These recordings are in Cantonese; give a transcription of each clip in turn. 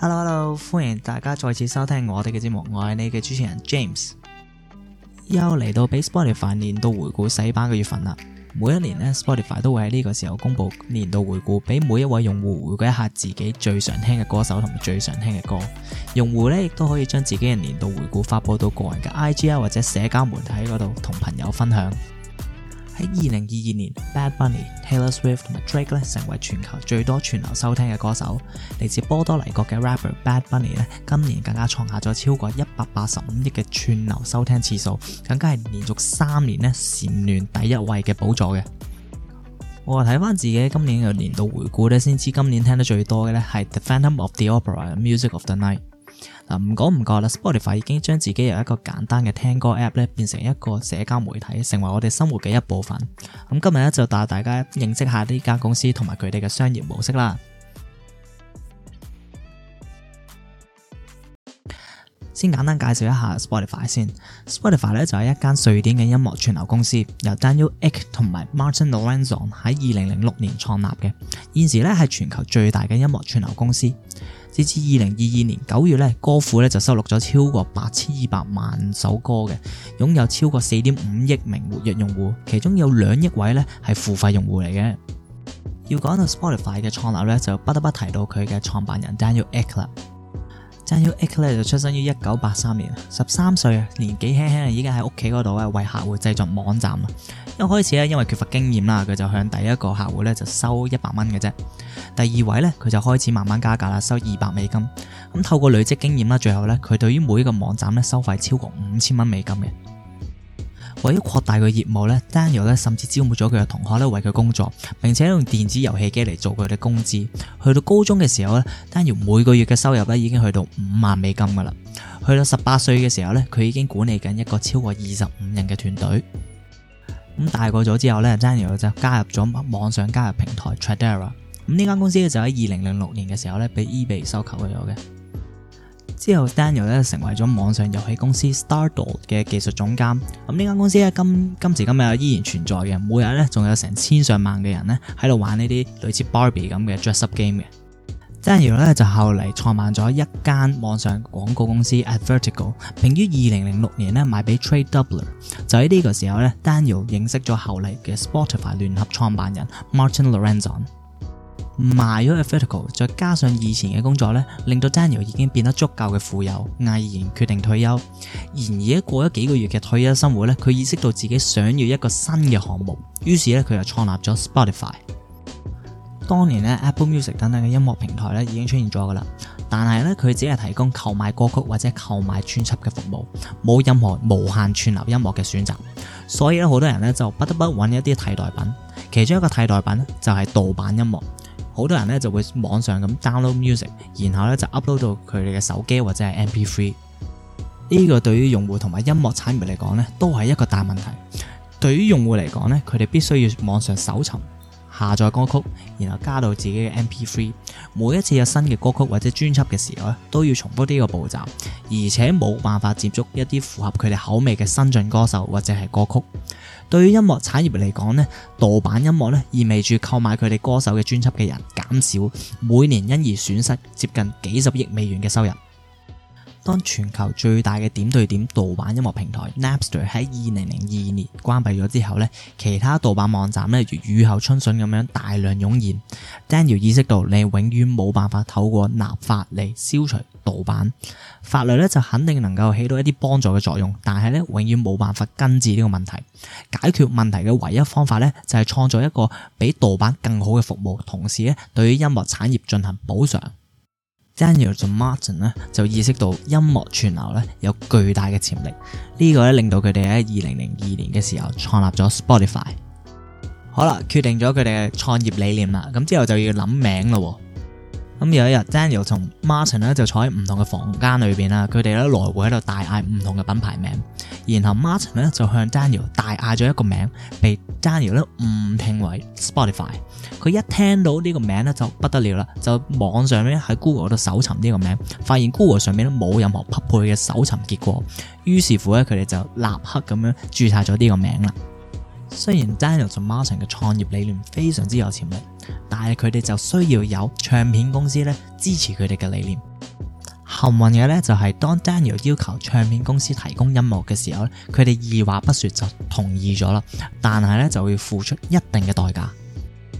Hello，Hello，hello，歡迎大家再次收聽我哋嘅節目，我係你嘅主持人 James。又嚟到俾 Spotify 年度回顧洗版嘅月份啦。每一年呢，Spotify 都會喺呢個時候公布年度回顧，俾每一位用戶回顧一下自己最常聽嘅歌手同埋最常聽嘅歌。用戶呢亦都可以將自己嘅年度回顧發布到個人嘅 IG 啊或者社交媒體嗰度，同朋友分享。喺二零二二年，Bad Bunny、Taylor Swift 同埋 Drake 咧，成為全球最多串流收聽嘅歌手。嚟自波多黎各嘅 rapper Bad Bunny 咧，今年更加創下咗超過一百八十五億嘅串流收聽次數，更加係連續三年呢蟬聯第一位嘅寶座嘅。我睇返自己今年嘅年度回顧咧，先知今年聽得最多嘅咧係 The Phantom of the Opera 嘅 Music of the Night。嗱唔講唔覺啦，Spotify 已經將自己由一個簡單嘅聽歌 App 咧，變成一個社交媒體，成為我哋生活嘅一部分。咁今日咧就帶大家認識一下呢間公司同埋佢哋嘅商業模式啦。先簡單介紹一下 Sp 先 Spotify 先，Spotify 咧就係一間瑞典嘅音樂串流公司，由 Daniel Ek 同埋 Martin Lorenzon 喺二零零六年創立嘅，現時咧係全球最大嘅音樂串流公司。直至二零二二年九月咧，歌庫咧就收錄咗超過八千二百萬首歌嘅，擁有超過四點五億名活躍用戶，其中有兩億位咧係付費用戶嚟嘅。要講到 Spotify 嘅創立咧，就不得不提到佢嘅創辦人 Daniel Ek 啦。Daniel Ek 咧就出生於一九八三年，十三歲年紀輕輕，依家喺屋企嗰度咧為客戶製作網站啦。一開始咧因為缺乏經驗啦，佢就向第一個客戶咧就收一百蚊嘅啫。第二位咧佢就開始慢慢加價啦，收二百美金。咁透過累積經驗啦，最後咧佢對於每一個網站咧收費超過五千蚊美金嘅。為咗擴大佢業務咧，Daniel 咧甚至招募咗佢嘅同學咧為佢工作，並且用電子遊戲機嚟做佢嘅工資。去到高中嘅時候咧，Daniel 每個月嘅收入咧已經去到五萬美金噶啦。去到十八歲嘅時候咧，佢已經管理緊一個超過二十五人嘅團隊。咁大個咗之後咧，Daniel 就加入咗網上加入平台 Tradera。咁呢間公司咧就喺二零零六年嘅時候咧俾 eBay 收購咗嘅。之後，Daniel 咧成為咗網上遊戲公司 Stardoll 嘅技術總監。咁呢間公司咧今今時今日依然存在嘅，每日咧仲有成千上萬嘅人咧喺度玩呢啲類似 Barbie 咁嘅 dress up game 嘅。Daniel 咧就後嚟創辦咗一間網上廣告公司 AdVertical，並於二零零六年咧賣俾 Trade Doubler。就喺呢個時候咧，Daniel 認識咗後嚟嘅 Spotify 聯合創辦人 Martin Lorenzon。賣咗 Affordable 再加上以前嘅工作咧，令到 Daniel 已經變得足夠嘅富有，毅然決定退休。然而咧過咗幾個月嘅退休生活咧，佢意識到自己想要一個新嘅項目，於是咧佢就創立咗 Spotify。當年咧 Apple Music 等等嘅音樂平台咧已經出現咗噶啦，但係咧佢只係提供購買歌曲或者購買專輯嘅服務，冇任何無限串流音樂嘅選擇，所以咧好多人咧就不得不揾一啲替代品。其中一個替代品就係盜版音樂。好多人咧就會網上咁 download music，然後咧就 upload 到佢哋嘅手機或者係 MP3。呢個對於用戶同埋音樂產業嚟講咧，都係一個大問題。對於用戶嚟講咧，佢哋必須要網上搜尋。下載歌曲，然後加到自己嘅 MP3。每一次有新嘅歌曲或者專輯嘅時候咧，都要重複呢個步驟，而且冇辦法接觸一啲符合佢哋口味嘅新晉歌手或者係歌曲。對於音樂產業嚟講，呢盜版音樂咧意味住購買佢哋歌手嘅專輯嘅人減少，每年因而損失接近幾十億美元嘅收入。當全球最大嘅點對點盜版音樂平台 Napster 喺2002年關閉咗之後呢，其他盜版網站呢，如雨後春筍咁樣大量湧現。Daniel 意識到你永遠冇辦法透過立法嚟消除盜版，法律呢就肯定能夠起到一啲幫助嘅作用，但係呢永遠冇辦法根治呢個問題。解決問題嘅唯一方法呢，就係創造一個比盜版更好嘅服務，同時呢對於音樂產業進行補償。Daniel 同 Martin 呢就意識到音樂串流呢有巨大嘅潛力，這個、呢個令到佢哋喺二零零二年嘅時候創立咗 Spotify。好啦，決定咗佢哋嘅創業理念啦，咁之後就要諗名咯、哦。咁有一日，Daniel 同 Martin 咧就坐喺唔同嘅房間裏面啦。佢哋咧來回喺度大嗌唔同嘅品牌名，然後 Martin 咧就向 Daniel 大嗌咗一個名，被 Daniel 咧誤聽為 Spotify。佢一聽到呢個名咧就不得了啦，就網上呢喺 Google 度搜尋呢個名，發現 Google 上面咧冇任何匹配嘅搜尋結果。於是乎咧，佢哋就立刻咁樣註冊咗呢個名啦。雖然 Daniel 同 Martin 嘅創業理念非常之有潛力，但係佢哋就需要有唱片公司咧支持佢哋嘅理念。幸運嘅咧就係當 Daniel 要求唱片公司提供音樂嘅時候咧，佢哋二話不說就同意咗啦，但係咧就會付出一定嘅代價。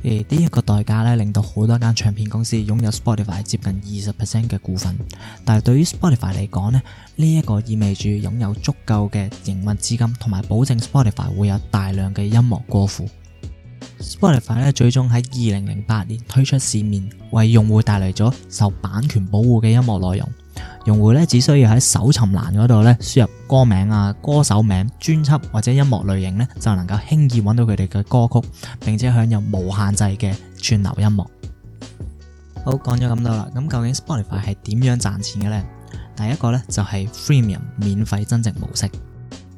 誒呢一個代價咧，令到好多間唱片公司擁有 Spotify 接近二十 percent 嘅股份，但係對於 Spotify 嚟講咧，呢、呢、一個意味住擁有足夠嘅營運資金，同埋保證 Spotify 會有大量嘅音樂過戶。Spotify 咧最終喺二零零八年推出市面，為用戶帶嚟咗受版權保護嘅音樂內容。用戶咧只需要喺搜尋欄嗰度咧輸入歌名啊、歌手名、專輯或者音樂類型咧，就能夠輕易揾到佢哋嘅歌曲，並且享有無限制嘅串流音樂。好講咗咁多啦，咁究竟 Spotify 係點樣賺錢嘅呢？第一個咧就係 Freemium 免費增值模式。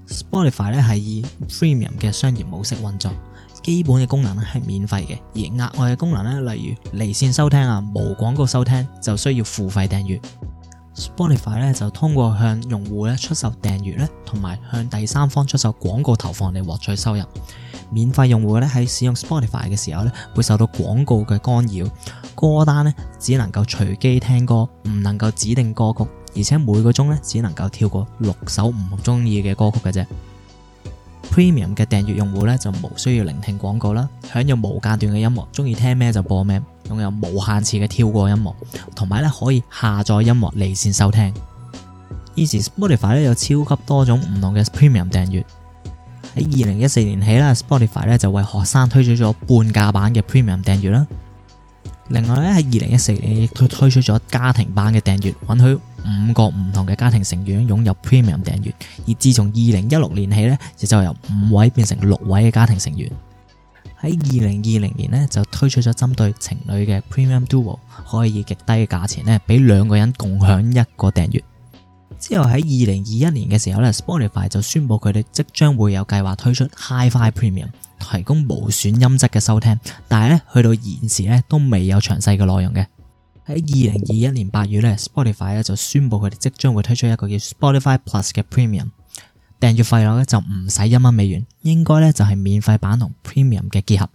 Spotify 咧係以 Freemium 嘅商業模式運作，基本嘅功能咧係免費嘅，而額外嘅功能咧，例如離線收聽啊、無廣告收聽，就需要付費訂閱。Spotify 咧就通過向用戶咧出售訂閱咧，同埋向第三方出售廣告投放嚟獲取收入。免費用戶咧喺使用 Spotify 嘅時候咧，會受到廣告嘅干擾，歌單咧只能夠隨機聽歌，唔能夠指定歌曲，而且每個鐘咧只能夠跳過六首唔中意嘅歌曲嘅啫。Premium 嘅訂閱用戶咧就無需要聆聽廣告啦，享有無間斷嘅音樂，中意聽咩就播咩，擁有無限次嘅跳過音樂，同埋咧可以下載音樂離線收聽。以前 Spotify 咧有超級多種唔同嘅 Premium 訂閱。喺二零一四年起啦，Spotify 咧就為學生推出咗半價版嘅 Premium 訂閱啦。另外咧喺二零一四年亦都推出咗家庭版嘅訂閱，允許。五個唔同嘅家庭成員擁有 Premium 訂閱，而自從二零一六年起咧，就由五位變成六位嘅家庭成員。喺二零二零年咧就推出咗針對情侶嘅 Premium Duo，可以以極低嘅價錢咧俾兩個人共享一個訂閱。之後喺二零二一年嘅時候咧，Spotify 就宣布佢哋即將會有計劃推出 HiFi Premium，提供無損音質嘅收聽，但係咧去到現時咧都未有詳細嘅內容嘅。喺二零二一年八月咧，Spotify 咧就宣布佢哋即將會推出一個叫 Spotify Plus 嘅 Premium 訂閱費用咧就唔使一蚊美元，應該咧就係免費版同 Premium 嘅結合。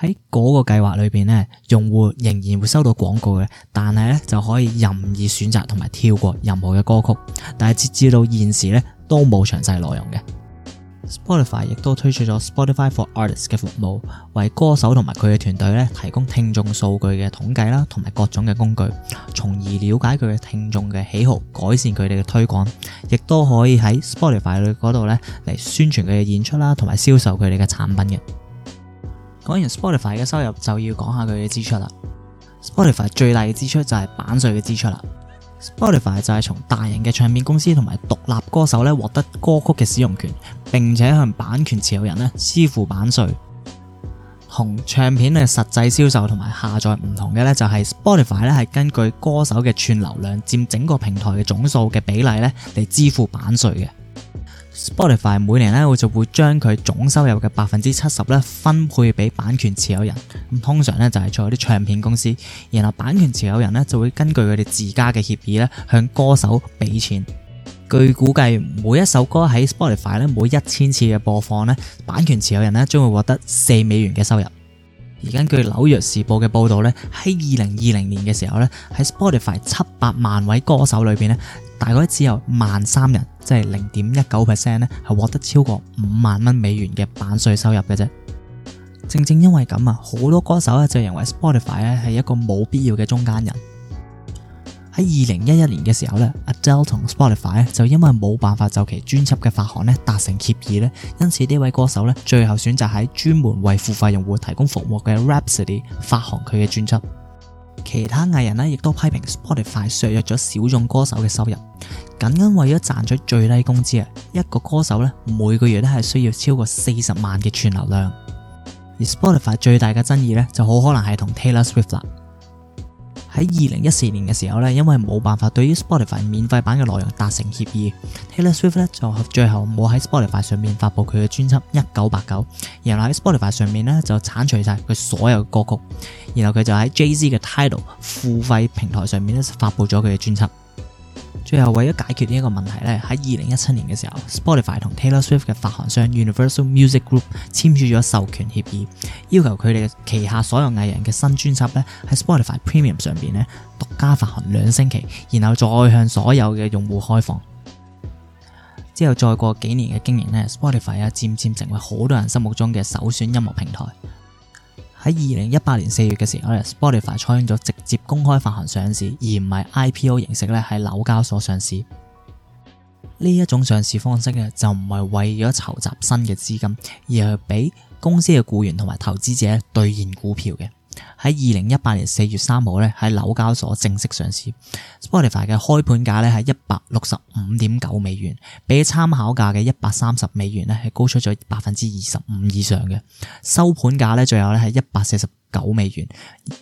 喺嗰個計劃裏邊咧，用戶仍然會收到廣告嘅，但係咧就可以任意選擇同埋跳過任何嘅歌曲，但係截至到現時咧都冇詳細內容嘅。Spotify 亦都推出咗 Spotify for Artists 嘅服務，為歌手同埋佢嘅團隊咧提供聽眾數據嘅統計啦，同埋各種嘅工具，從而了解佢嘅聽眾嘅喜好，改善佢哋嘅推廣，亦都可以喺 Spotify 嗰度咧嚟宣傳佢嘅演出啦，同埋銷售佢哋嘅產品嘅。講完 Spotify 嘅收入就要講下佢嘅支出啦。Spotify 最大嘅支出就係版稅嘅支出啦。Spotify 就係從大型嘅唱片公司同埋獨立歌手咧獲得歌曲嘅使用權，並且向版權持有人咧支付版稅。同唱片嘅實際銷售同埋下載唔同嘅咧，就係 Spotify 咧係根據歌手嘅串流量佔整個平台嘅總數嘅比例咧嚟支付版稅嘅。Spotify 每年咧，我就會將佢總收入嘅百分之七十咧分配俾版權持有人。咁通常咧就係做啲唱片公司，然後版權持有人咧就會根據佢哋自家嘅協議咧向歌手俾錢。據估計，每一首歌喺 Spotify 咧每一千次嘅播放咧，版權持有人咧將會獲得四美元嘅收入。而根據紐約時報嘅報導，呢喺二零二零年嘅時候，呢喺 Spotify 七百萬位歌手裏邊，呢大概只有萬三人，即係零點一九 percent，呢係獲得超過五萬蚊美元嘅版稅收入嘅啫。正正因為咁啊，好多歌手呢就認為 Spotify 咧係一個冇必要嘅中間人。喺二零一一年嘅時候，Adele 同 Spotify 咧就因為冇辦法就其專輯嘅發行咧達成協議，因此呢位歌手最後選擇喺專門為付費用戶提供服務嘅 Rhapsody 發行佢嘅專輯。其他藝人咧亦都批評 Spotify 削弱咗小眾歌手嘅收入。僅僅為咗賺取最低工資啊，一個歌手每個月都係需要超過四十萬嘅串流量。而 Spotify 最大嘅爭議就好可能係同 Taylor Swift 啦。喺二零一四年嘅時候咧，因為冇辦法對於 Spotify 免費版嘅內容達成協議，Taylor Swift 咧就最後冇喺 Spotify 上面發布佢嘅專輯《一九八九》，然後喺 Spotify 上面咧就鏟除晒佢所有嘅歌曲，然後佢就喺 JZ 嘅 Tidal 付費平台上面咧發布咗佢嘅專輯。最後為咗解決呢一個問題咧，喺二零一七年嘅時候，Spotify 同 Taylor Swift 嘅發行商 Universal Music Group 簽署咗授權協議，要求佢哋旗下所有藝人嘅新專輯咧喺 Spotify Premium 上邊咧獨家發行兩星期，然後再向所有嘅用戶開放。之後再過幾年嘅經營，Spotify 漸漸成為好多人心目中嘅首選音樂平台。喺二零一八年四月嘅時候，Spotify 採用咗直接公開發行上市，而唔係 IPO 形式咧喺紐交所上市。呢一種上市方式咧，就唔係為咗籌集新嘅資金，而係俾公司嘅僱員同埋投資者兌現股票嘅。喺二零一八年四月三號咧，喺紐交所正式上市。Spotify 嘅開盤價咧係一百六十五點九美元，比參考價嘅一百三十美元咧係高出咗百分之二十五以上嘅。收盤價咧最後咧係一百四十九美元，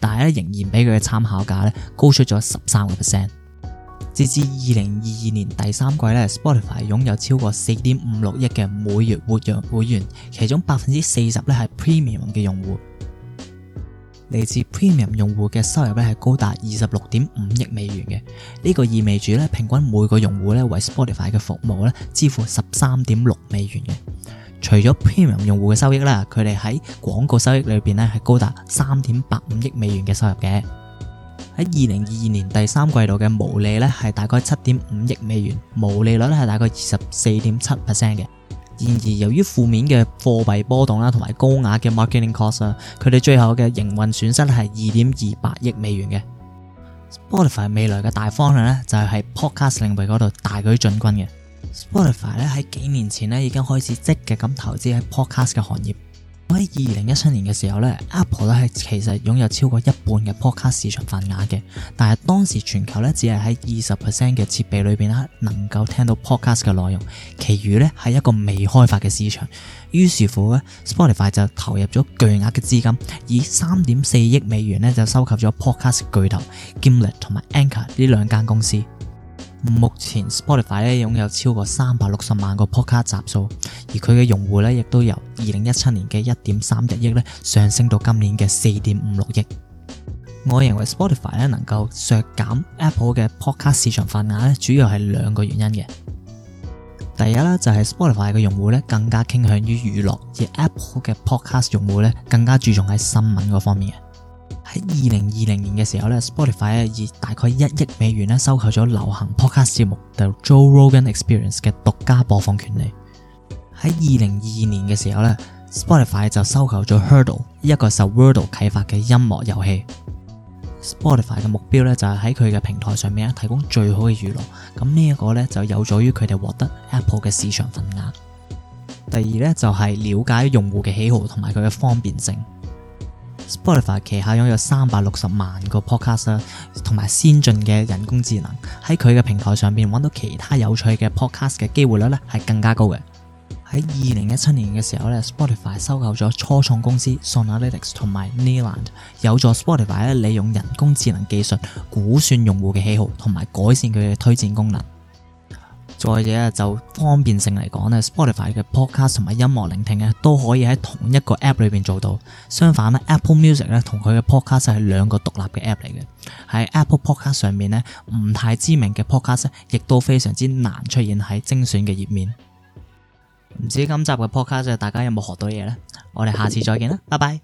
但係咧仍然比佢嘅參考價咧高出咗十三個 percent。截至二零二二年第三季咧，Spotify 擁有超過四點五六億嘅每月活躍會員，其中百分之四十咧係 Premium 嘅用戶。嚟自 Premium 用戶嘅收入咧係高達二十六點五億美元嘅，呢、這個意味住咧平均每個用戶咧為 Spotify 嘅服務咧支付十三點六美元嘅。除咗 Premium 用戶嘅收益啦，佢哋喺廣告收益裏邊咧係高達三點八五億美元嘅收入嘅。喺二零二二年第三季度嘅毛利咧係大概七點五億美元，毛利率咧係大概二十四點七 percent 嘅。然而，由於負面嘅貨幣波動啦，同埋高額嘅 marketing cost，佢哋最後嘅營運損失係二點二八億美元嘅。Spotify 未來嘅大方向咧，就係喺 podcast 領域嗰度大舉進軍嘅。Spotify 咧喺幾年前咧已經開始積極咁投資喺 podcast 嘅行業。喺二零一七年嘅時候咧，Apple 都係其實擁有超過一半嘅 Podcast 市場份額嘅，但係當時全球咧只係喺二十 percent 嘅設備裏邊啦，能夠聽到 Podcast 嘅內容，其餘咧係一個未開發嘅市場。於是乎咧，Spotify 就投入咗巨額嘅資金，以三點四億美元咧就收購咗 Podcast 巨頭 Gimlet 同埋 Anchor 呢兩間公司。目前 Spotify 擁有超過三百六十萬個 podcast 集數，而佢嘅用戶咧亦都由二零一七年嘅一點三一億咧上升到今年嘅四點五六億。我認為 Spotify 咧能夠削減 Apple 嘅 podcast 市場份額咧，主要係兩個原因嘅。第一咧就係 Spotify 嘅用戶咧更加傾向於娛樂，而 Apple 嘅 podcast 用戶咧更加注重喺新聞嗰方面。喺二零二零年嘅時候咧，Spotify 以大概一億美元咧收購咗流行 podcast 節目 The Joe Rogan Experience 嘅獨家播放權利。喺二零二二年嘅時候咧，Spotify 就收購咗 Hurdle 一個受 Wordle 啟發嘅音樂遊戲。Spotify 嘅目標咧就係喺佢嘅平台上面咧提供最好嘅娛樂。咁呢一個咧就有助於佢哋獲得 Apple 嘅市場份額。第二咧就係了解用戶嘅喜好同埋佢嘅方便性。Spotify 旗下擁有三百六十萬個 podcast 同埋先進嘅人工智能，喺佢嘅平台上邊揾到其他有趣嘅 podcast 嘅機會率咧係更加高嘅。喺二零一七年嘅時候，Spotify 收購咗初創公司 Sonalytics 同埋 Neiland，有助 Spotify 咧利用人工智能技術估算用戶嘅喜好，同埋改善佢嘅推薦功能。再者就方便性嚟講，Spotify 嘅 podcast 同埋音樂聆聽都可以喺同一個 App 裏面做到。相反，Apple Music 咧同佢嘅 podcast 係兩個獨立嘅 App 嚟嘅。喺 Apple Podcast 上面咧，唔太知名嘅 podcast 亦都非常之難出現喺精選嘅頁面。唔知今集嘅 podcast 大家有冇學到嘢呢？我哋下次再見啦，拜拜。